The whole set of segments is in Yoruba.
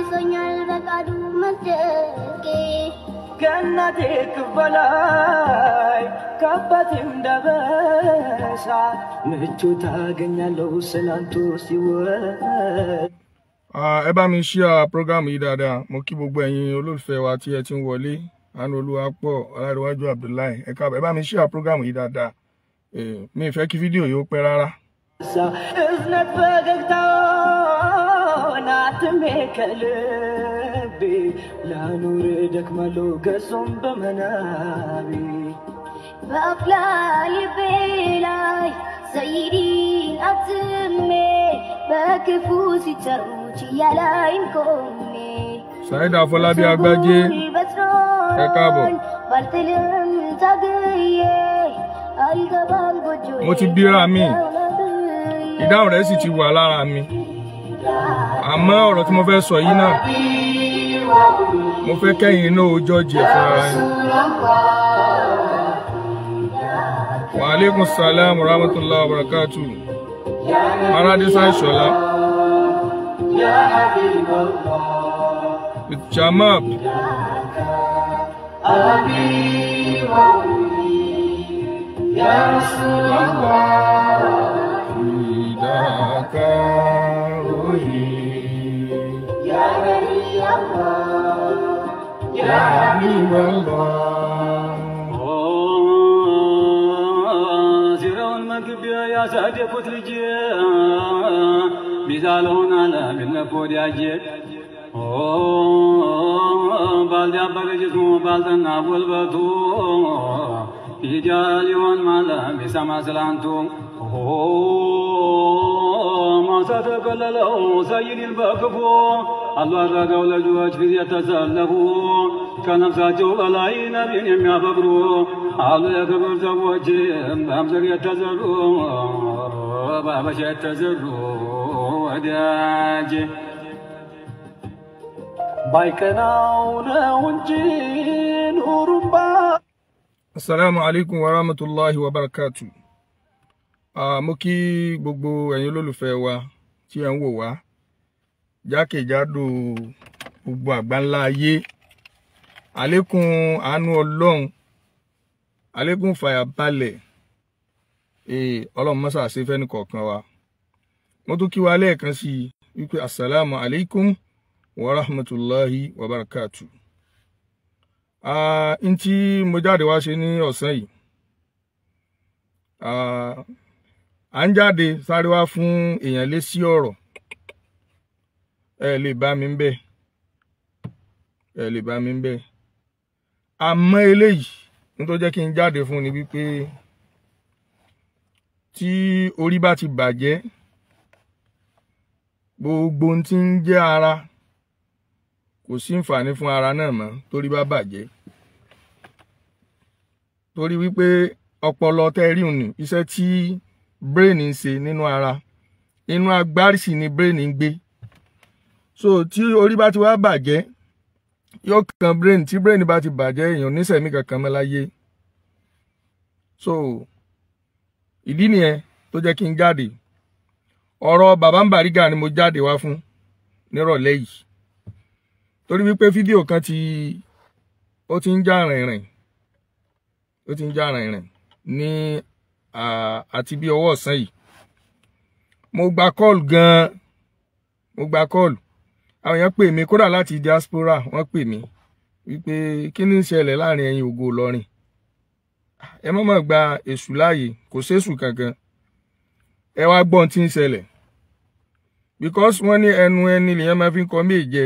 መልሶኛል በቃዱ መስደቄ ከእናቴ ክበላይ ከአባቴም ደበሳ ምቾት አገኛለሁ ስላንቱ ሲወል ẹ bá mi ṣí à prógámù yìí dáadáa mo kí gbogbo ẹ̀yin olólùfẹ́ wa tí ẹ ti ń wọlé Àánúolúwapọ̀ Ọlárẹ̀wájú Abdullahi ẹ káàbọ̀ ẹ bá mi ṣí à yìí dáadáa eh, mi ì fẹ́ kí fídíò yìí ó pẹ́ rárá. ẹ̀sìn àti fẹ́ẹ́ kẹ́kẹ́ tá አትሜ ከልቤ ላኑር ደክማሎ ገጹም በመናቤ በአፍላ ልቤ ላይ ሰይዲን አትሜ በክፉ ሲጠሩች እያላይም ቆሜ ሳይድ አፈላቢ አጋጄ ተቃቦ ባልጥልም ታግዬ አልገባም ጎጆ ሞቲ ቢራ mi ìdáhùn rẹ̀ sì ti wà lára mi àmọ́ ọ̀rọ̀ tí mo fẹ́ sọ yìí náà mo fẹ́ kẹ́yìn náà ó jọ́ọ̀jì fúnra yín. wa alaikum salam rahmatullahi wa barakatu aradisa ìṣọ̀lá with jamab Ya Rasulullah, fidaka. อย่ามีเมืองบอ ዚራውን መግቢያ ያሳደኩት ልጄ ሚዛለውን አላሚነት ወዳጄ ባልዳበረ ባልጠና ጉልበቱ ይዳ ሊሆን ማለ ሚሰማ ስላንቱ ማሳተቀለለው ሰይድን በክፉ አላህ ወላጆች ጊዜ ተሰለፉ ከነፍሳቸው በላይ ነቢን የሚያፈቅሩ አሉ የክብር ሰዎችም በምስር የተዘሩ በአበሻ የተዘሩ ወዳጅ ባይቀናው ነው እንጂ ኑሩባ። አሰላሙ አለይኩም ወራህመቱላሂ ወበረካቱ። mo kí gbogbo ẹ̀yin olólùfẹ́ wa tí ẹ ń wò wá jákèjádò gbogbo àgbáńlá ayé àlékún àánú ọlọ́run àlékún fàyàbalẹ̀ ee ọlọ́run mọ́sà ṣe fẹ́ni kọ̀ọ̀kan wa mo tún kí wa lẹ́ẹ̀kan sí i wípé assalamu alaikum wa rahmatulahi wa barakatu. Uh, n tí mo jáde wá ṣe ní ọ̀sán yìí à ń jáde sáré wá fún èèyàn lé sí ọ̀rọ̀ ẹ lè bá mi ń bẹ̀ ẹ lè bá mi ń bẹ̀ àmọ́ eléyìí ní tó jẹ́ kí n jáde fún ni wípé tí orí bá ti bàjẹ́ gbogbo ohun tí ń jẹ́ ara kò sí ǹfààní fún ara náà mọ́ torí bá bàjẹ́ torí wípé ọpọlọ tẹ́ rí òní iṣẹ́ tí brain ń ṣe nínú ara inú agbárísì ni brain ń gbé so tí orí bá ti wá bàjẹ́ yóò kan brain tí brain bá ti bàjẹ́ èèyàn nísẹ̀mí kankan mọ́ láyé so ìdí nìyẹn tó jẹ́ kí n jáde ọ̀rọ̀ bàbá ń bàrígà ni mo jáde wá fún nírọ̀lẹ́ yìí torí wípé fídíò kan ti ó ti ń já rìnrìn ó ti ń já rìnrìn ní àti bí ọwọ́ ọ̀sán yìí mo gba kọ́ọ̀lù gan-an mo gba kọ́ọ̀lù àwọn èèyàn pè mí kódà láti diaspora wọ́n pè mí wípé kí ni ń ṣẹlẹ̀ láàrin ẹ̀yin ògo Ìlọrin ẹ mọ̀ mọ̀ gba èṣù láàyè kò séṣù kankan ẹ wá gbọ́n tí ń ṣẹlẹ̀ because wọ́n ní ẹnu ẹni lèyàn máa fi ń kọ méè jẹ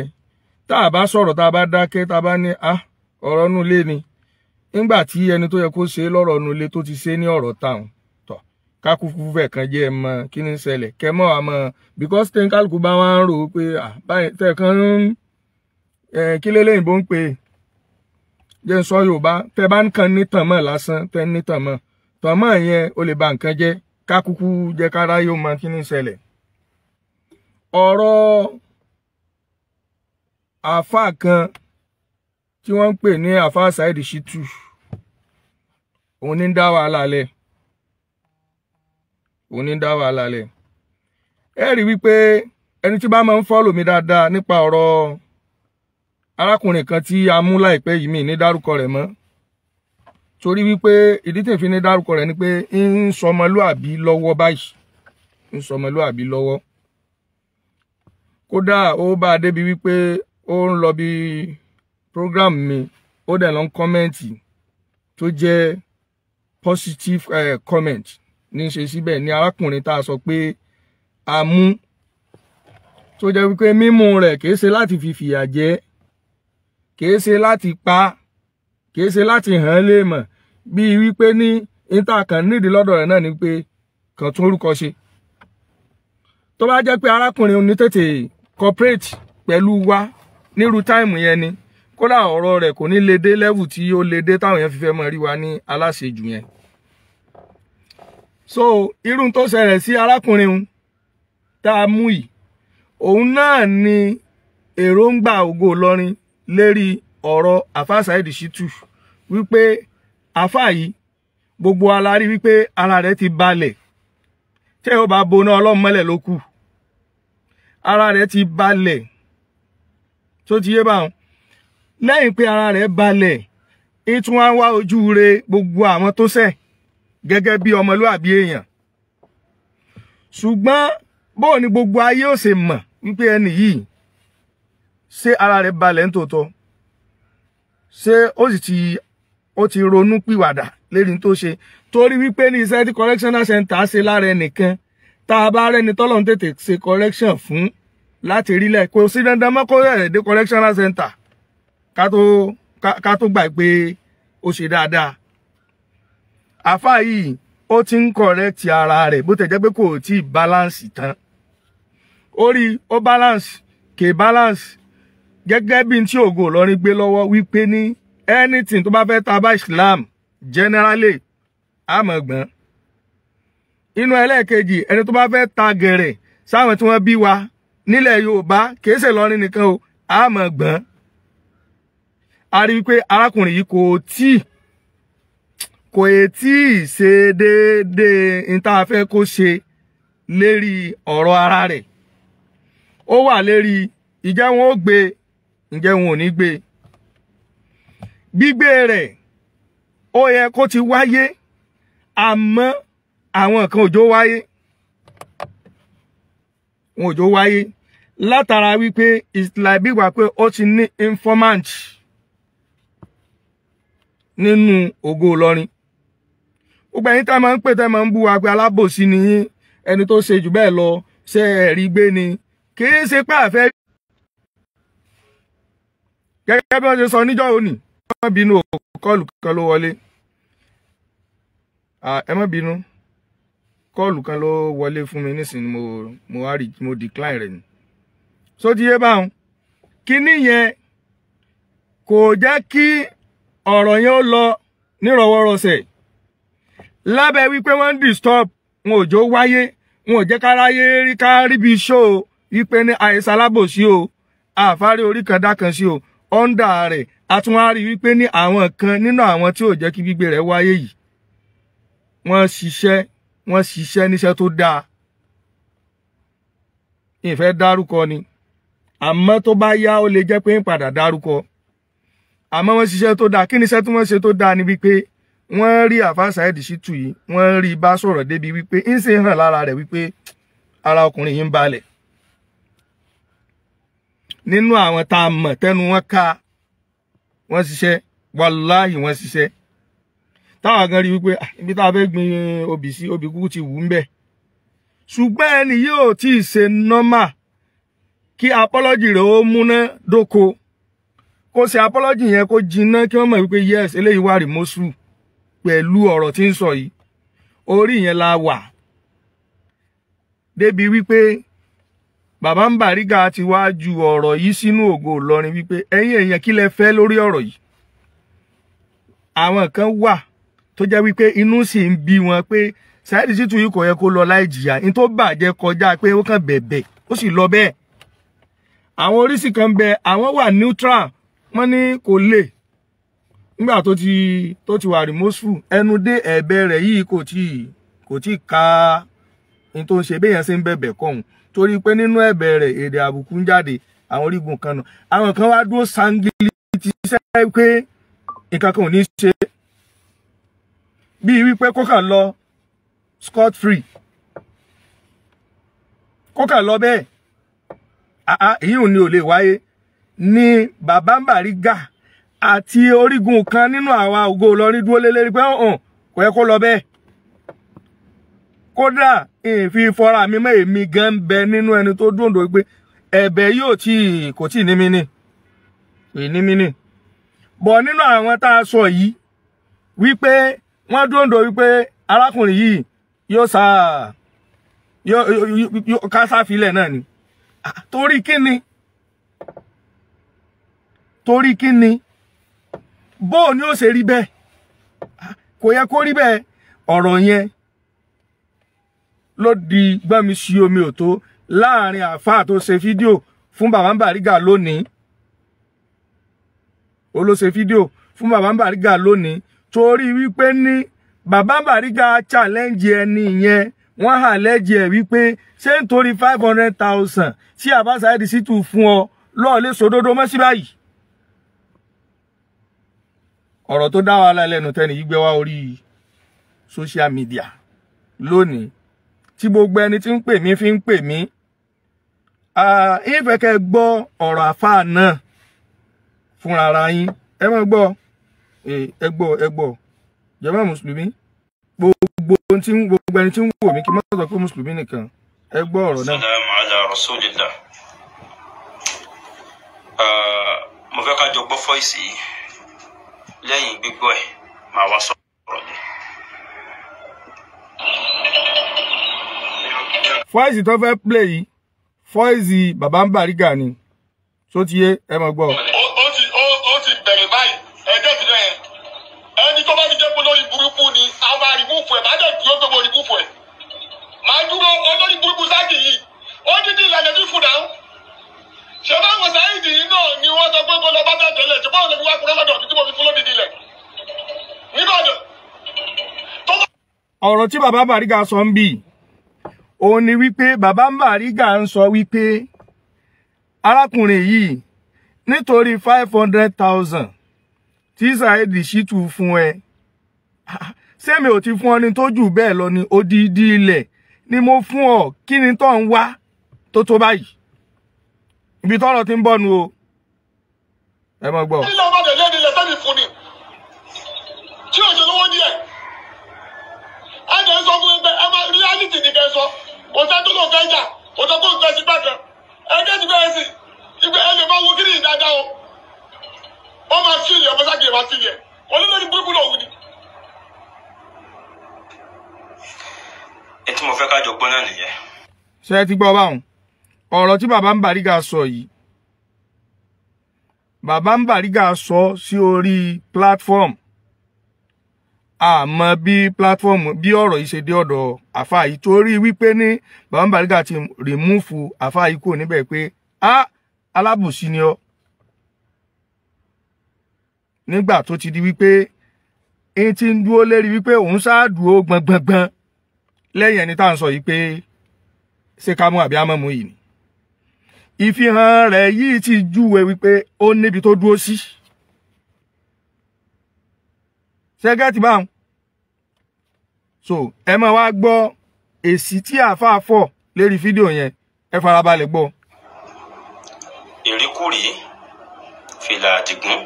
tá a bá sọ̀rọ̀ tá a bá dákẹ́ tá a bá ní ah ọ̀rọ̀ nulẹ̀ ni nígbà tí ẹni tó yẹ kó ṣe lọ́rọ̀ nulẹ̀ tó ti ṣe ní ọ̀rọ̀ táwọn kákúkú fẹ̀ kan jẹ́ ẹ mọ kí ni kẹ mọ́ wa mọ́ because tí kálukú bá wá ń rò ó pé ah, báyìí tẹ̀kan kí lélẹ́yìnbó ń pè é jẹ́ ń sọ Yorùbá tẹ bá ń kan ní tànmọ́ lásán tẹ ní tànmọ́ tànmọ́ yẹn ó lè ba nǹkan jẹ́ kákúkú jẹ́ kára yóò mọ kí ni ń ṣẹlẹ̀ ọ̀rọ̀ àáfàá kan tí wọ́n ń pè ní àáfàá Saheed Shittu òun ní ń dá wàhálà lẹ̀ òun ní dá wàhálà lẹ̀ ẹ rí wípé ẹni tí bá máa ń fọ́lò mi dáadáa nípa ọ̀rọ̀ arákùnrin kan tí a mú láìpẹ́ yìí mi ní dárúkọ rẹ̀ mọ́ torí wípé ìdí tí n fi ní dárúkọ rẹ̀ ni pé ń sọmọlúàbí lọ́wọ́ báyìí ń sọmọlúàbí lọ́wọ́ kódà ó bá a débi wípé ó ń lọ bí program mi ó dẹ̀ lọ ń kọ́mẹ́ǹtì tó jẹ́ positive uh, comment ní ṣe síbẹ̀ ní arákùnrin tá a sọ pé a mú tó jẹ́ wípé mímú rẹ̀ kìí ṣe láti fi fìyà jẹ kìí ṣe láti pa kìí ṣe láti hàn án lè mọ̀ bíi wípé ní intakan nídìí lọ́dọ̀ rẹ̀ náà ni pé kàn tún orúkọ ṣe tó bá jẹ́ pé arákùnrin òní tètè cooperate pẹ̀lú wa nírú táìmù yẹn ni kódà ọ̀rọ̀ rẹ̀ kò ní lè dé lẹ́wù tí ó lè dé táwọn yẹn fi fẹ́ mọ̀ rí wa ní aláṣejù yẹn so irun tó ṣẹlẹ̀ sí arákùnrin un tá a mú yìí òun náà ni èròǹgbà Ògo Ìlọrin lérí ọ̀rọ̀ àfáà Saheed Shittu wípé àfáà yìí gbogbo alárí wípé ara rẹ̀ ti balẹ̀ tẹ́ ò bá boná ọlọ́run mọ́lẹ̀ ló kù ara rẹ̀ ti balẹ̀ tó ti yé báwọn lẹ́yìn pé ara rẹ̀ balẹ̀ ìtún wá wá re gbogbo àwọn tó ṣẹ̀ gẹ́gẹ́ bí ọmọlúàbí èèyàn ṣùgbọ́n bóò ni gbogbo ayé ò ṣe mọ̀ wípé ẹni yìí ṣé ara rẹ̀ balẹ̀ nítòótọ́ ṣé ó sì ti ó ti ronú pìwàdà lérí tó ṣe torí wípé ní iṣẹ́ tí correctional center ṣe lára ẹnìkan tá a bá rẹni tọ́lọ́run tètè ṣe correction fún láti rílẹ̀ kò sí dandan mọ́ kó rẹ̀ dé correctional center ka tó ká tó gbà pé ó ṣe dáadáa àfáà yìí ó ti ń ti ara rẹ̀ bó tẹ̀ pé kò tí ì balance tán orí ó balance kè balance gẹ́gẹ́ bí n tí ògo Ìlọrin gbé lọ́wọ́ wípé ní anything tó bá fẹ́ ta bá Islam generally àmọ̀gbọ́n inú ẹlẹ́ẹ̀kejì ẹni tó bá fẹ́ ta gẹ̀rẹ̀ sáwọn tí wọ́n bí wa nílẹ̀ Yorùbá kìí ṣe lọ́rin nìkan o àmọ̀gbọ́n a rí i pé arákùnrin yìí kò tíì kò è tí ì ṣe déédéé n tá a fẹ́ kó ṣe lérí ọ̀rọ̀ ara rẹ̀ ó wà lérí ìjẹ́ wọn ó gbé ǹjẹ́ wọn ò ní gbé gbígbé rẹ̀ ó yẹ kó ti wáyé àmọ́ àwọn nǹkan òjò wáyé wọn òjò wáyé látara wípé ìsìláìbíwà pé ó ti ní informant nínú ògo Ìlọrin gbogbo ẹ̀yin tẹ́ máa ń pè tẹ́ máa ń bú wa pé alábòsí ni yín ẹni tó ṣe jù bẹ́ẹ̀ lọ ṣe gbé ni kì í ṣe pé bí sọ níjọ́ òní bínú wọlé fún mi nísìnyí mo mo mo decline ni so ti yé yẹn kò jẹ́ kí ọ̀rọ̀ lọ nírọ̀wọ́rọ̀sẹ̀ lábẹ́ wípé wọ́n ń disturb wọn ò jó wáyé wọn ò jẹ́ ká ráyé rí ká ríbi ṣó o wípé ní àìsàn alábòsí o àfárí orí kan dákan sí o ọ̀ndà rẹ̀ àtúnwárí wípé ní àwọn kan nínú àwọn tí ò jẹ́ kí gbígbé rẹ̀ wáyé yìí wọ́n ṣiṣẹ́ wọ́n ṣiṣẹ́ níṣẹ́ tó dáa ìfẹ́ dárúkọ ni àmọ́ tó bá yá ó lè jẹ́ pé ń padà dárúkọ àmọ́ wọ́n ṣiṣẹ́ tó dáa kí niṣẹ́ tí wọ́n ṣe tó dáa ni pé wọ́n rí àfa Saheed Shittu yìí wọ́n rí bá sọ̀rọ̀ débi wípé ń ṣe hàn lára rẹ̀ wípé ara ọkùnrin yìí ń balẹ̀ nínú àwọn tá a mọ̀ tẹ́nu wọn ká wọ́n ṣiṣẹ́ wàláhì wọ́n ṣiṣẹ́ táwọn gan rí wípé ah, ibi tá a fẹ́ gbin obì sí obì kúkú ti wù ú ń bẹ̀ ṣùgbọ́n ẹni yóò tí ì ṣe nọ́mà kí apọ́lọ́jì rẹ̀ ó múná dóko kó ṣe apọ́lọ́jì yẹn kó jiná kí wọ́n mọ̀ wípé yes eléyìí wà rí mọ́sùlù pẹ̀lú ọ̀rọ̀ tí ń sọ yìí orí yẹn la wà débi wípé bàbá ń bàrígà ti wá ju ọ̀rọ̀ yìí sínú ògo Ìlọrin wípé ẹ̀yin èèyàn kí lẹ fẹ́ lórí ọ̀rọ̀ yìí àwọn kan wà tó jẹ́ wípé inú sì ń bí wọn pé Saheed Shittu yìí kò yẹ kó lọ láì jìyà ní tó bàjẹ́ kọjá pé ó kàn bẹ̀bẹ̀ ó sì lọ bẹ́ẹ̀ àwọn oríṣi kan bẹ àwọn wà neutral wọ́n ní kò lè nígbà tó ti tó ti wà remorseful ẹnu dé ẹ̀bẹ̀ rẹ̀ yìí kò tí kò tí ka n tó ń ṣe béèyàn ṣe ń bẹ̀bẹ̀ kọ̀hún torí pé nínú ẹ̀bẹ̀ rẹ̀ èdè àbùkù ń jáde àwọn orígun kan nà àwọn kan wá dúró sangili ti ṣe pé nǹkan kan ò ní ṣe bíi wípé kó lọ scot free kó kàn lọ bẹ́ẹ̀ èyí ò ní ò lè wáyé ní bàbá Bariga àti orígun kan nínú àwa Ògo Ìlọrin dúró lélẹ́rí pé ọ̀hún kò yẹ kó lọ bẹ́ẹ̀ kódà ìfi fọra mi mọ́ èmi gan ń bẹ nínú ẹni tó dùn dòwe pé ẹ̀bẹ̀ yóò tí kò tí ní mí nì kò ní mí nì bọ̀ nínú àwọn tá a sọ yìí wípé wọ́n dùn dòwe arákùnrin yìí yóò sá kásáfilẹ̀ náà ni ah, torí kí ni torí kí ni bóò ni ó ṣe rí bẹ́ẹ̀ kò yẹ kó rí bẹ́ẹ̀ ọ̀rọ̀ yẹn ló di gbọ́nmi sí omi òtó láàrin àáfàá tó ṣe fídíò fún bàbá ń bàrígà lónìí ó ló ṣe fídíò fún bàbá ń bàrígà lónìí torí wípé ní bàbá ń bàrígà challenge ẹni yẹn wọ́n hà lẹ́jì wípé ṣé nítorí five hundred thousand tí àbá ṣáà di tù fún ọ lọ́ọ̀lẹ́sọdọ́dọ́ mọ́ báyìí ọ̀rọ̀ tó dá wàhálà lẹ́nu tẹ́ni yìí gbé wá orí social media lónìí tí gbogbo ẹni tí ń pè mí fi ń pè mí ìfẹ́ gbọ́ ọ̀rọ̀ àfáà náà fúnra ara yín ẹ máa gbọ́ ẹ gbọ́ ẹ gbọ́ jàmá mùsùlùmí gbogbo ẹni tí ń wò mí kí n má mùsùlùmí nìkan ẹ gbọ́ ọ̀rọ̀ náà. salaam ala rasulillah mo fẹ́ ká jọ gbọ́ fọ́ìsì yìí lẹ́yìn gbígbọ́ ẹ̀ màá wá sọ̀rọ̀ mi. fọ́ìsì tó fẹ́ play yìí fọ́ìsì bàbá ń bàríkà ni tó ti yé ẹ mọ̀ gbọ́. ó ti ó ti bẹ̀rẹ̀ báyìí ẹjọ́ ti rẹ̀ ẹni tó bá ti jẹ́ pé lórí burúkú ni a máa rí búfù ẹ̀ má dẹ̀ dúró gbogbo rí búfù ẹ̀ máa dúró olórí burúkú sáàkì yìí ó dídí ìlànà fífún náà ṣé báwọn sáyidì yìí náà ni wọ́n sọ pé kó lọ bá bẹ́ẹ̀ tẹ́lẹ̀ ṣé báwọn lè fi wá kúrọ́ mo fi fún lómi nílẹ̀ nìbàdàn. ọ̀rọ̀ tí bàbá Bariga sọ ń bì òun ni wípé bàbá Bariga ń sọ wípé arákùnrin yìí nítorí five hundred thousand tí Saheed Shittu fún ẹ sẹ́mi ò ti fún ọ ní tó jù bẹ́ẹ̀ lọ ní odidi ilẹ̀ ni mo fún ọ kí ni tó ń wá tó tó báyìí ibi tọ́rọ̀ ti ń bọ̀ nu o ẹ mọ̀ gbọ́. nílò ọmọ rẹ̀ lẹ́nu ilẹ̀ sẹ́ni fún ni tí ò lówó díẹ̀ ẹ jẹ́ sọ fún ẹgbẹ́ ẹ máa reality ni kẹ́ sọ kò sẹ́ tó lò fẹ́ kò sọ fún ìgbẹ́sí bàtà ẹ kẹ́sì bẹ́ẹ̀ sì ìgbẹ́ ẹ lè máa wo kiri ìdáadáa o wọ́n máa fi ilẹ̀ ọmọ sáàkì máa fi ilẹ̀ olólórí burúkú lòun ni. ẹ tí mo fẹ́ ká jọ gbọ́ náà nìyẹn. ṣé ẹ ti gbọ́ báwọn ọ̀rọ̀ tí bàbá ń bàrígà sọ yìí bàbá ń bàrígà sọ sí orí platform àmọ́ bí platform bí ọ̀rọ̀ yìí ṣe dé ọ̀dọ̀ àfáà yìí torí wípé ní bàbá ń bàrígà ti rìmúfù àfáà yìí kúrò níbẹ̀ pé a alábùsí ni ọ nígbà tó ti di wípé n ti ń dúró lérí wípé òun ṣáàdúró gbọngbọngbọn lẹ́yìn ẹni tá à ń sọ yìí pé ṣé ká mú àbí á mọ̀ mú yìí ni ìfihàn rẹ̀ yìí ti júwe wípé ó níbi tó dúró sí ṣẹ́gẹ́tì báwọn so ẹ máa wá gbọ́ èsì tí àáfàá fọ̀ lérí fídíò yẹn ẹ farabalẹ̀ gbọ́. èríkùrí fìlà àdìgún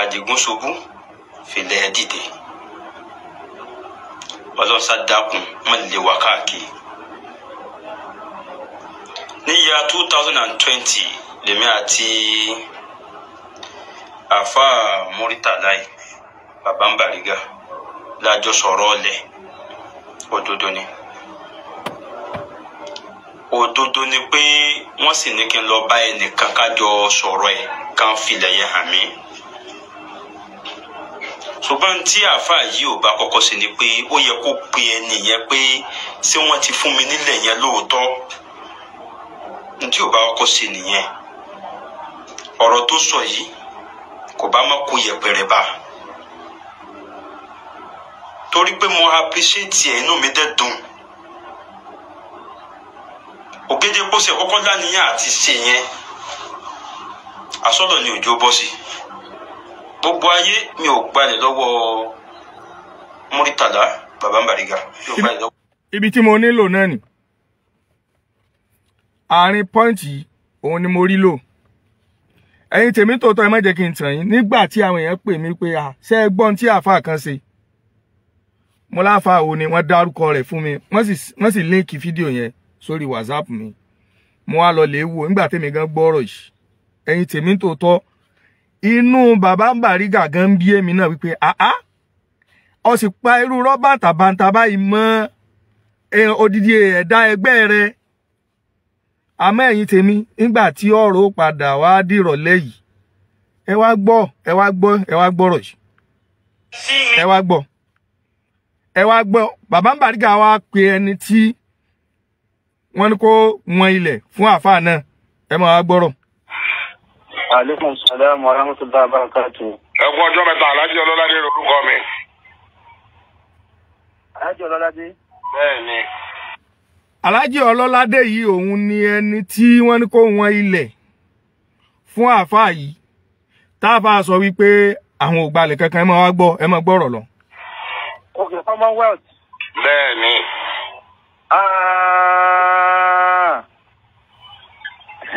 àdìgún ṣubú fìlà ẹ̀ dìde ọlọ́sà dákun wọ́n lè wá káàkiri ní yíra two thousand and twenty lèmi àti àfa Muritalahi bàbá ń bàrígà lájọ sọ̀rọ̀ ọ̀lẹ̀ òdodo ni òdodo ni pé wọ́n sì ní kí n lọ bá ẹnìkan kájọ sọ̀rọ̀ ẹ̀ kan filẹ̀ yẹn hàn mí ṣùgbọ́n tí àáfàá yìí ò bá kọ́kọ́ sí ni pé ó yẹ kó pe ẹnì yẹn pé ṣé wọ́n ti fún mi nílẹ̀ yẹn lóòótọ́ ní tí ò bá ọkọ ṣe nìyẹn ọ̀rọ̀ tó sọ yìí kò bá má kó yẹpẹrẹ bá torí pé mo appreciate ẹ̀ inú mi dẹ̀ dùn ògèdè pósẹ̀ kọ́kọ́ dánìyàn àti ṣe yẹn asọ́dọ̀ ni òjò bọ́ sí gbogbo ayé mi ò gbalẹ̀ lọ́wọ́ Muritala Baba ibi tí mo nílò náà nìyí. àárín pọ́ǹtì yìí òun ni mo rí lò ẹ̀yin tèmi tòótọ́ ẹ má jẹ́ kí n tàn yín nígbà tí àwọn èèyàn pè mí pé à ṣe é gbọ́n tí àáfà kan ṣe mo láfa òun ni wọ́n dárúkọ rẹ̀ fún mi wọ́n sì líǹkì fídíò yẹn sórí whatsapp mi mo wá lọ lè wò nígbà tèmi gan gbọ́rọ̀ yìí ẹ̀yin tèmi tòótọ́ inú bàbá Bàrígà gan ń bí èmi náà wípé àá ọ pa irú rọ́bà tàbàǹtà báyìí mọ́ odidi ẹ̀dá ẹgbẹ́ rẹ̀ àmọ́ ẹ̀yin tèmi nígbà tí ọ̀rọ̀ padà wá dìrọ̀lẹ́ yìí ẹ wá gbọ́ ẹ wá gbọ́ ẹ wá gbọ́rọ̀ yìí ẹ wá gbọ́ ẹ wá gbọ́ bàbá ń wá pe ẹni tí wọ́n ní kó wọn ilẹ̀ fún àáfàá náà ẹ máa wá gbọ́rọ̀. aleykum salaam wa ẹ kú ọjọ́ mẹ́ta alájí ọlọ́ládé lórúkọ mi. alájí ọlọ́ládé. bẹ́ẹ̀ aláàjì ọlọ́ládé yìí òun ni ẹni tí wọ́n ní kó wọn ilẹ̀ fún àáfàá yìí táàfà sọ wípé àwọn ògbàlẹ̀ kankan ẹ máa wá gbọ́ ẹ máa gbọ́rọ̀ lọ. òkè commonwealth. bẹ́ẹ̀ ni. Ah.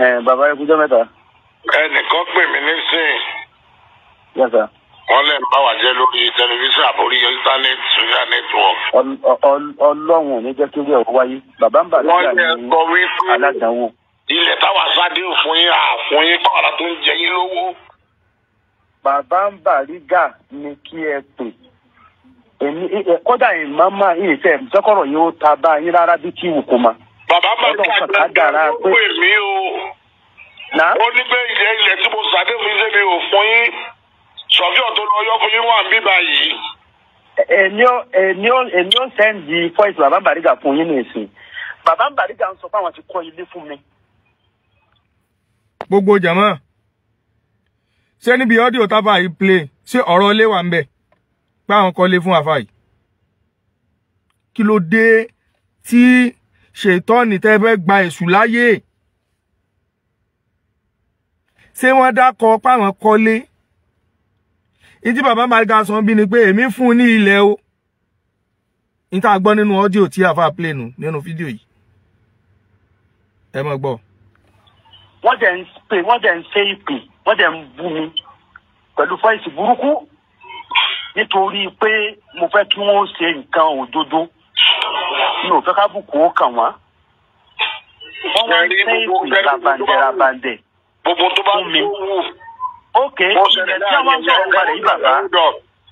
Eh, bàbá ikú jẹ́ mẹ́ta. ẹnìkan pè mí nísìnyí. yẹ́sà wọ́n lẹ̀ ń bá wa jẹ́ lórí tẹlifíṣàn àbórí internet social network. ọlọ́run ò ní jẹ́ kí wíwẹ̀ wáyé bàbá ń bà nígbà ní aládàáwò. ilẹ̀ táwa sáde fún yín àfún yín pàwọ́dà tó ń jẹ yín lówó. bàbá ń bà rígà ni kí ẹ pè èmi kódà ìmọ̀ọ́mọ́ ìfẹ́ ìjọkọ̀rọ̀ yóò ta bá yín rárá bí kí wùkú ma. bàbá bá rí àgbàdo ló pè o. ó ní bẹ́ẹ̀ ilẹ̀ tí mo sàdé mi sọfíọ tó lọ yọ fún yín wà ń bíbá yìí. èmi ò èmi ò èmi ò sẹ́ndì fọ́ìsì bàbá bàrígà fún yín nìsín bàbá bàrígà ń sọ pé àwọn ti kọ́ ilé fún mi. gbogbo jàmọ́ ṣé níbi ọ́díò tábà yìí play ṣé ọ̀rọ̀ ilé wà ń bẹ̀ pé àwọn kọ́ ilé fún àfa yìí kí ló dé tí ṣètọ́ni tẹ́ fẹ́ gba èṣù láyé ṣé wọ́n dákọ̀ páwọn kọ́lé ìdí bàbá Malikan sọ bí ni pé èmi fún un ní ilẹ̀ o ní tá a gbọ́ nínú ọ́díò tí àfa play nu nínú fídíò yìí ẹ mọ̀ gbọ́. wọ́n jẹ́ ń pè wọ́n jẹ́ ń ṣe ìpè wọ́n jẹ́ ń bú mi pẹ̀lú fọ́ìsì burúkú nítorí pé mo fẹ́ kí wọ́n ṣe nǹkan òdodo mi ò fẹ́ ká bùkún ó kàn wọ́n. wọ́n wá ń ṣe ìpè ràbàǹdẹ̀ ràbàǹdẹ̀ fún mi ok ìyẹn tí àwọn sọ̀rọ̀ parẹ̀ yìí bàbá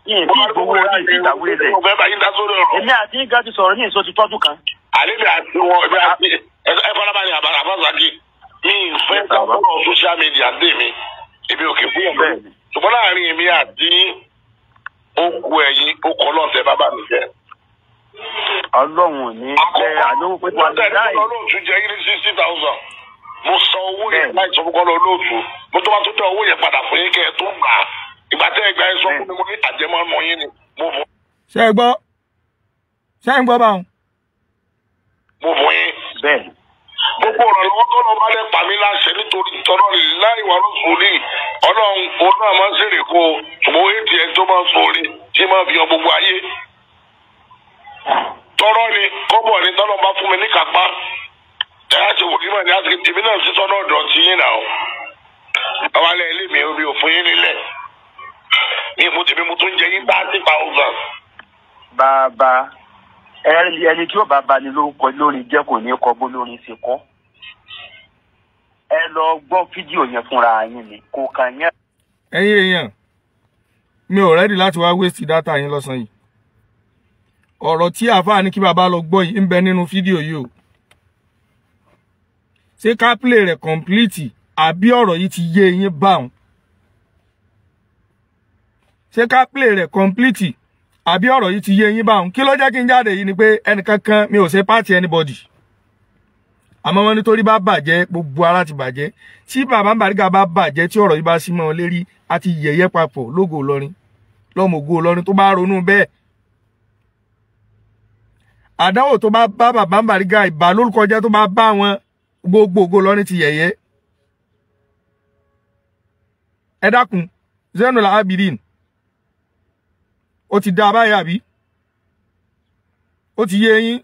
yìí ti gbowó ní ìfi ìtàwé rẹ̀ èmi àti yín gàdí sọ̀rọ̀ ní èso ti tọ́jú kan. àlẹ́ mi àti wọn ẹ fọlábàlẹ̀ àbáṣáájú mi ì fẹ́ sọ̀rọ̀ social media dé mi èmi ò kì í fún yàn bẹ́ẹ̀ ṣùgbọ́n láàrin èmi àti okùn ẹ̀yìn okùn ọlọ́ọ̀tẹ̀ bàbá mi jẹ́ ọlọ́run ò ní bẹ́ẹ̀ àdéhùn pé tí wọ́n ti dáì. ọlọ́run tún jẹ́ mo sọ owó yẹn láì sọ fún kọ́lọ́ olóòtú mo tó bá tó tẹ owó yẹn padà fún yín kẹ́ ẹ tó gbà á ìgbà tẹ́ ẹ gbà ẹ sọ fún mi mo ní àjẹmọ́ yín ni mo fún. ṣé ẹ gbọ́ ṣé ẹ gbọ́ báwọn. mo fún yín. bẹ́ẹ̀ gbogbo ọ̀rọ̀ lọ́wọ́ tó lọ́ọ́ bá lẹ́ pa mí láṣẹ nítorí tọ́lọ́ láì wà lóṣùlì ọlọ́run òun náà ń ṣèrè kó ṣùgbọ́n èdè ẹ̀ tó máa ń sọ̀rọ̀ tí máa fi hàn gbogbo ayé tọ́rọ́ ni kọ́bọ̀ ni tọ́lọ́ bá fún mi ní ẹ̀yàtì wòlímọ̀ ní àti tèmi náà sísọ náà dọ̀ tí yín náà àwọn alẹ́ ilé mi ò bí òfin yín nílẹ̀ ní ìmú tèmi mo tún jẹ yín thirty thousand. bàbá ẹni tí ó bá bani lórúkọ lórin jẹ́ kò ní kọ bó lórin ṣe kọ́ ẹ lọ gbọ́ fídíò yẹn fúnra yín ni kò kàn yẹn. ẹ̀yin èèyàn mi ò rẹ́dì láti wá wéṣì dátà yín lọ́sàn-án yìí ọ̀rọ̀ tí àáfàá ní kí bàbá lọ gbọ́ yìí ń bẹ nínú fídíò yìí o. Se ka play rẹ̀ complete àbí ọ̀rọ̀ yìí ti yé yín báwọn ṣé ká play rẹ̀ complete àbí ọ̀rọ̀ yìí ti yé yín báwọn kí ló jẹ́ kí n jáde ni pé ẹnìkankan mi ò ṣe pàtì anybody àmọ́ wọn nítorí ba bàjẹ́ gbogbo ara ti bàjẹ́ tí bàbá Bariga bá bàjẹ́ tí ọ̀rọ̀ yìí bá sí mọ́ ọ lérí àti yẹ̀yẹ́ papọ̀ lógo Ìlọrin lọ́mọ ògo Ìlọrin tó bá ronú bẹ́ẹ̀ àdánwò tó bá bá bàbá Bariga ìbà lórúkọ jẹ́ tó gbogbo ògo lọ ní ti yẹ̀yẹ́ ẹ dákun Zainul Abidin ó ti dá báyìí àbí ó ti yé yín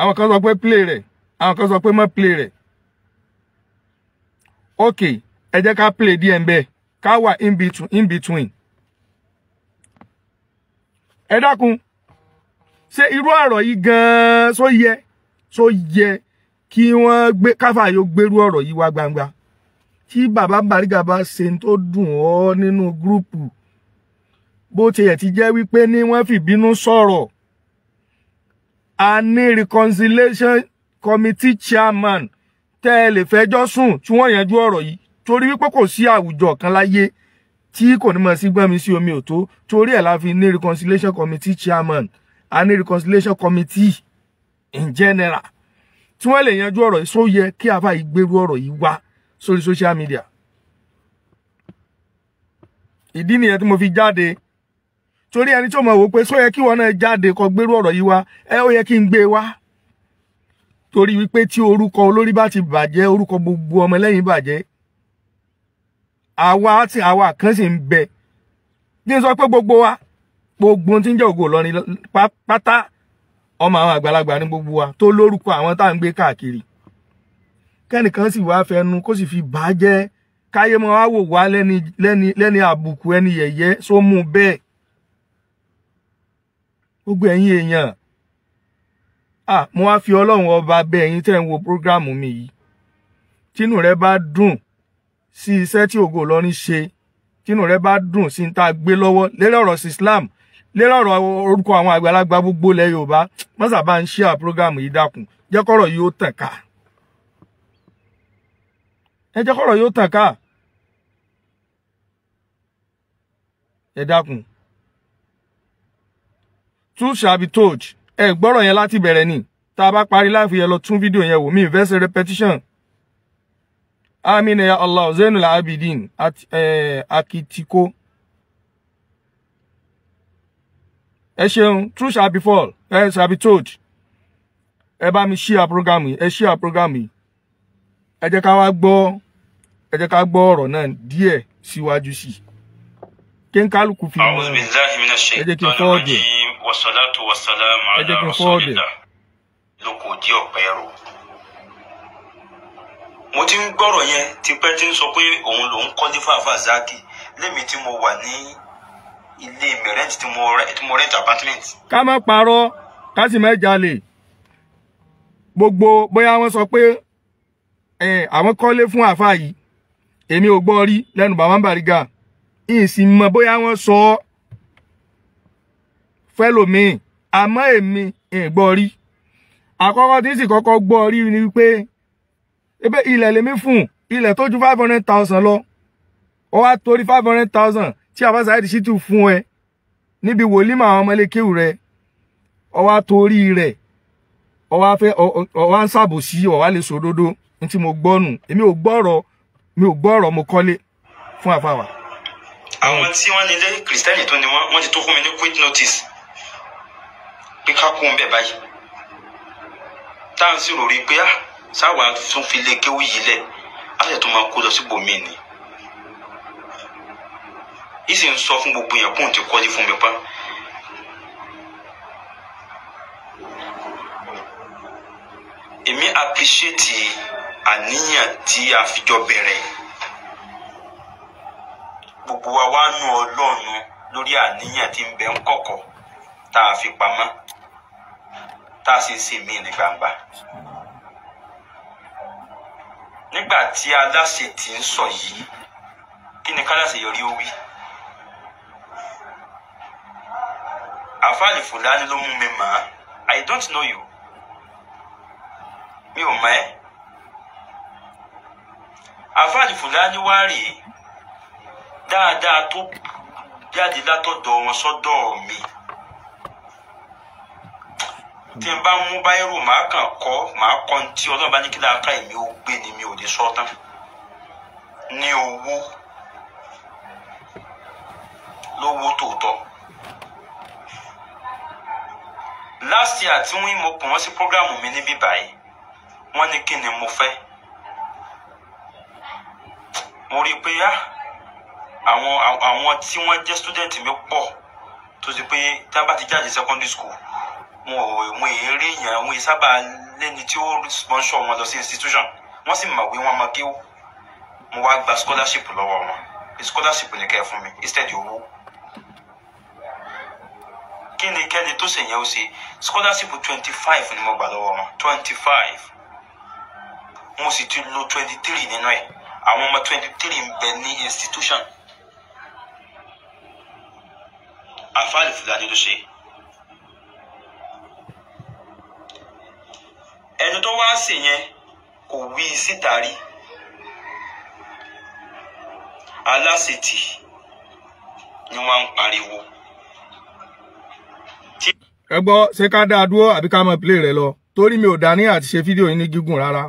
àwọn kan sọ pé play rẹ̀ àwọn kan sọ pé má play rẹ̀ ok ẹ jẹ́ ká play díẹ̀ ń bẹ ká wà in between ẹ dákun ṣé irú ọ̀rọ̀ yìí gan so ye, yẹ só yẹ kí wọ́n gbé káfàyò gbérú ọ̀rọ̀ yìí wá gbangba tí bàbá Bariga bá ṣe tó dùn ọ́ nínú gúrúùpù bó tiẹ̀ ti jẹ́ wípé ní wọ́n fìbínú sọ̀rọ̀ a ní reconciliation committee chairman tẹ́ ẹ lè fẹjọ́ sùn tí wọ́n yanjú ọ̀rọ̀ yìí torí wípé kò sí àwùjọ kan láyé tí kò ní mọ̀ sí gbọ́n mi omi òtó torí ẹ̀ la fi ní reconciliation committee chairman a reconciliation committee in general tí wọ́n lè yanjú ọ̀rọ̀ yìí só yẹ kí afa ìgbèrú ọ̀rọ̀ yìí wá sórí social media ìdí nìyẹn tí mo fi jáde torí ẹni tí ó mọ̀ wò pé só yẹ kí wọn náà jáde kó gbèrú ọ̀rọ̀ yìí wá ẹ ó yẹ kí n gbé e wá torí wípé tí orúkọ olórí bá ti bàjẹ́ orúkọ gbogbo ọmọlẹ́yìn bàjẹ́ àwa àti àwa kan sì ń bẹ ní sọ pé gbogbo wa gbogbo tí ń jẹ́ ògo Ìlọrin pátá ọmọ àwọn àgbàlagbà ní gbogbo wa tó lórúkọ àwọn tá à ń gbé káàkiri kẹ́nìkan sì wá fẹnu kó sì fi bà á jẹ́ káyé mọ́ wá wò wá lẹ́ni lẹ́ni lẹ́ni àbùkù ẹni yẹ̀yẹ́ só mú bẹ́ẹ̀ gbogbo ẹ̀yin èèyàn ah mo wá fi ọlọ́run ọba bẹ ẹ̀yin tẹ́ ń wo prógráàmù mi yìí tínú rẹ bá dùn sí iṣẹ́ tí ògo Ìlọrin ṣe tínú rẹ bá dùn sí ń tá a gbé lọ́wọ́ lérí ọ̀rọ̀ sí Islam lérò ọ̀rọ̀ orúkọ àwọn àgbàlagbà gbogbo ilẹ̀ yorùbá mọ́sà bá ń share program yìí dákun jẹ́ kọ́rọ̀ yóò tàn ká ẹ jẹ́ kọ́rọ̀ yóò tàn ká ẹ dákun two shall be told ẹ gbọ́rọ̀ yẹn láti bẹ̀rẹ̀ ni tá a bá parí láìfi yẹn lọ tún fídíò yẹn wò mí verse repetition amina ya allah zainul abidin akitiko. At, eh, ẹ ṣeun true shall be fall ẹ shall be told ẹ bá mi share program yìí ẹ share program yìí ẹ jẹ́ ká wá gbọ́ ẹ jẹ́ ká gbọ́ ọ̀rọ̀ náà díẹ̀ síwájú sí i kí n kálukú fi mọ ẹ jẹ́ kí n fọọdẹ ẹ jẹ́ kí n fọọdẹ. mo ti ń gbọ́rọ̀ yẹn tipẹ́ tí ń sọ pé òun lòún kọ́ ní fàáfàá zaki lẹ́mi tí mo wà ní ilé mi rent tí mo rent tí mo rent apartment. ká má parọ́ ká sì má jalè gbogbo bóyá wọ́n sọ pé àwọn kọ́lé fún àáfàá yìí èmi ò gbọ́ rí lẹ́nu bàbá ń bàrígà ìsìn mọ̀ bóyá wọ́n sọ ọ́ fẹ́lòmíì àmọ́ èmi ìgbọ́ rí àkọ́kọ́ tí sì kọ́kọ́ gbọ́ rí ni wípé ilẹ̀ lèmi fún ilẹ̀ tó ju five hundred thousand lọ ó wá torí five hundred thousand tí Abba Saheed Shittu fún ẹ níbi wòlímọ̀ àwọn ọmọlékéwù rẹ o wá torí rẹ̀ o wá fẹ́ o wá ń ṣàbòsí o wá lè sòdodo ní tí mo gbọ́ nù o ò gbọ́rọ̀ mi o gbọ́rọ̀ mo kọ́lé fún àfàwà. àwọn tí wọ́n nílé kìrìsìtẹ́nì tó ni wọ́n wọ́n ti tó fún mi ní quick notice pé ká kún un bẹ́ẹ̀ báyìí táwọn sì rò rí pé ah, á sáwà tún fi lè kéwú yìí lẹ̀ á sì tún máa kó lọ síbòmíì ni. Isi ń sọ fún gbogbo yẹn kóun ti kọ́lé fún mi pa. èmi appreciate àníyàn tí a fi jọ bẹ̀rẹ̀ gbogbo wa wá nù ọlọ́run lórí àníyàn tí ń bẹ ń kọ̀kọ̀ tá a fi pamọ́ tá a sì ń sìn mí ní gbangba nígbà tí aláṣẹ ti ń sọ yìí kí ni káláṣẹ yọrí ó wí. àfáàlì fúlàní ló mú mi mọ̀ i don't know you mi ò mọ̀ ẹ́ àfáàlì fúlàní wá rèé dáadáa tó jáde látọ̀dọ̀ wọn sọ́dọ̀ mi tí n bá mú báírò màá kàn kọ́ màá kọ́ ní tí ọlọ́run bá ní kí láàká èmi ó gbé ni mi ò lè sọ tán ní owó lówó tòótọ́. last year tí wọ́n mo pè wọ́n sí program mi níbí báyìí wọ́n ní kí ni mo fẹ́ mo rí i pé á ah, àwọn àwọn tí wọ́n jẹ́ student mi pọ̀ tó ti pé tí wọ́n bá ti jáde secondary school wọn ò wọn èé rí èèyàn wọn èé sábà lẹ́ni tí ó sponsor wọn lọ sí institution wọ́n sì mọ̀ wí wọ́n mọ̀ kí mo wá gba scholarship lọ́wọ́ wọn scholarship ní kẹ́ ẹ fún mi instead owó kí ni kẹ́ni tó ṣèyẹn ó ṣe scholarship twenty five ni mo gbà lọ́wọ́ wọn twenty five mo sì ti lo twenty three nínú ẹ̀ àwọn ọmọ twenty three ń bẹ ní institution àfáàlì fúlàní ló ṣe. ẹni tó wáá sè yẹn kò wí síta rí aláṣetì ni wọ́n ń pariwo ẹ gbọ́ ṣé ká dáa dúró àbí ká mọ̀ play rẹ̀ lọ torí mi ò dání àti ṣe fídíò yìí ní gígùn rárá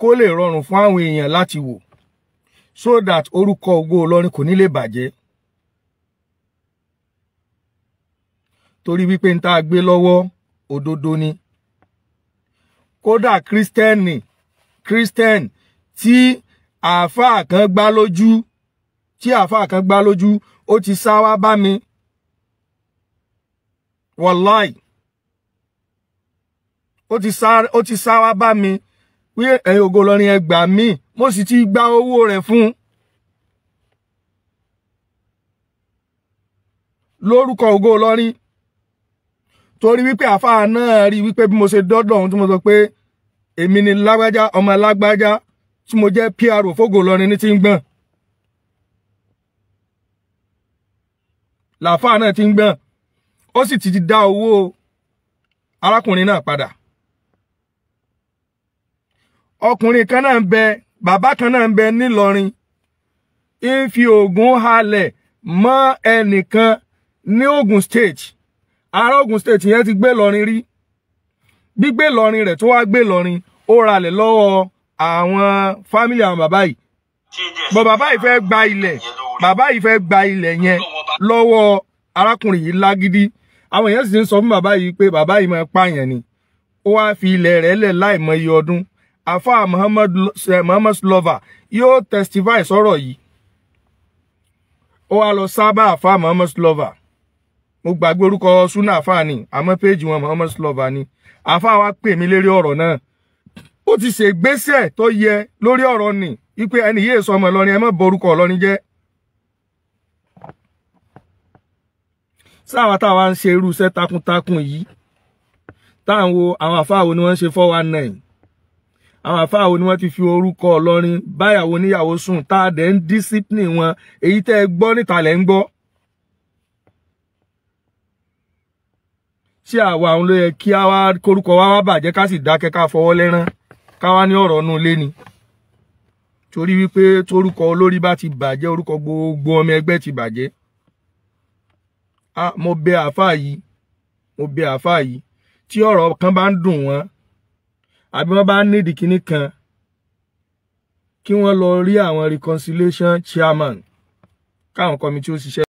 kó lè rọrùn fún àwọn èèyàn láti wò so that orúkọ Ògo Ìlọrin kò ní lè bàjẹ́ torí wípé n tá a gbé lọ́wọ́ òdodo ni kódà kírísítẹ́nì kírísítẹ́nì tí àáfàá kan gbá lójú tí àáfàá kan gbá lójú ó ti sá wá bá mi Wallahi, ó ti sá ó ti sá wá bá mi wí ẹ̀yin ògo lọrin ẹgbà mi mo sì ti gba owó rẹ̀ fún un lórúkọ ògo lọrin torí wípé àfáà náà rí wípé bí mo ṣe dọ́dọ̀ ohun tí mo sọ pé èmi ni lágbájá ọmọ lágbájá tí mo jẹ́ pr fógo lọrin ní ti ń gbọ̀n làfáà náà ti ń ó sì ti dá owó arákùnrin náà padà ọkùnrin kan náà ń bẹ bàbá kan náà ń bẹ nílọrin ń fi oògùn halẹ̀ mọ́ ẹnìkan ní Ogun State ará Ogun State yẹn ti gbé lọrin rí gbígbé lọrin rẹ̀ tó wá gbé lọrin ó ralẹ̀ lọ́wọ́ àwọn fámìlì àwọn bàbá yìí bọ bàbá yìí fẹ́ gba ilẹ̀ bàbá yìí fẹ́ gba ilẹ̀ yẹn lọ́wọ́ arákùnrin yìí lágídí àwọn èèyàn sì ń sọ fún bàbá yìí pé bàbá yìí máa pààyàn ni ó wáá fi ilẹ̀ rẹ̀ lẹ̀ láìmọye ọdún àfáà Muhammad lover. Slover yóò testify sọ̀rọ̀ yìí ó wáá lọ sábà àfáà Muhammad Slover mo gbàgbé orúkọ súnà àfáà ni àmọ́ péèjì wọn Muhammad lover ni àfáà wa pè mí lérí ọ̀rọ̀ náà ó ti ṣègbésẹ̀ tó yẹ lórí ọ̀rọ̀ ni wípé ẹni yéé sọ ọmọ Ìlọrin ẹ má borúkọ Ìlọrin jẹ́ sáwa táwa ń ṣe irúṣẹ́ takuntakun yìí táwọn wo àwọn àfáàwo ni wọ́n ń ṣe four one nine àwọn àfáàwo ni wọ́n ti fi orúkọ ọlọ́rin báyàwó níyàwó sùn tá a dẹ̀ ń dísípìnì wọn èyí tẹ́ ẹ gbọ́ níta lẹ́ ń gbọ́. ṣé àwa àwọn ló yẹ kí a wá korúkọ wa wá bàjẹ́ ká sì dákẹ́ ká fọwọ́ lẹ́rán ká wá ní ọ̀rọ̀ inú ilé ni torí wípé torúkọ olórí bá ti bàjẹ́ orúkọ gbogbo ọmọ ẹgbẹ́ ti bàjẹ́ Ah, mo bẹ àáfàá yìí mo bẹ àáfàá yìí tí ọ̀rọ̀ kan bá ń dùn wọ́n àbí wọ́n bá nídìí kinní kan kí wọ́n lọ rí àwọn reconciliation chairman káwọn kọ́mi tí ó ṣiṣẹ́.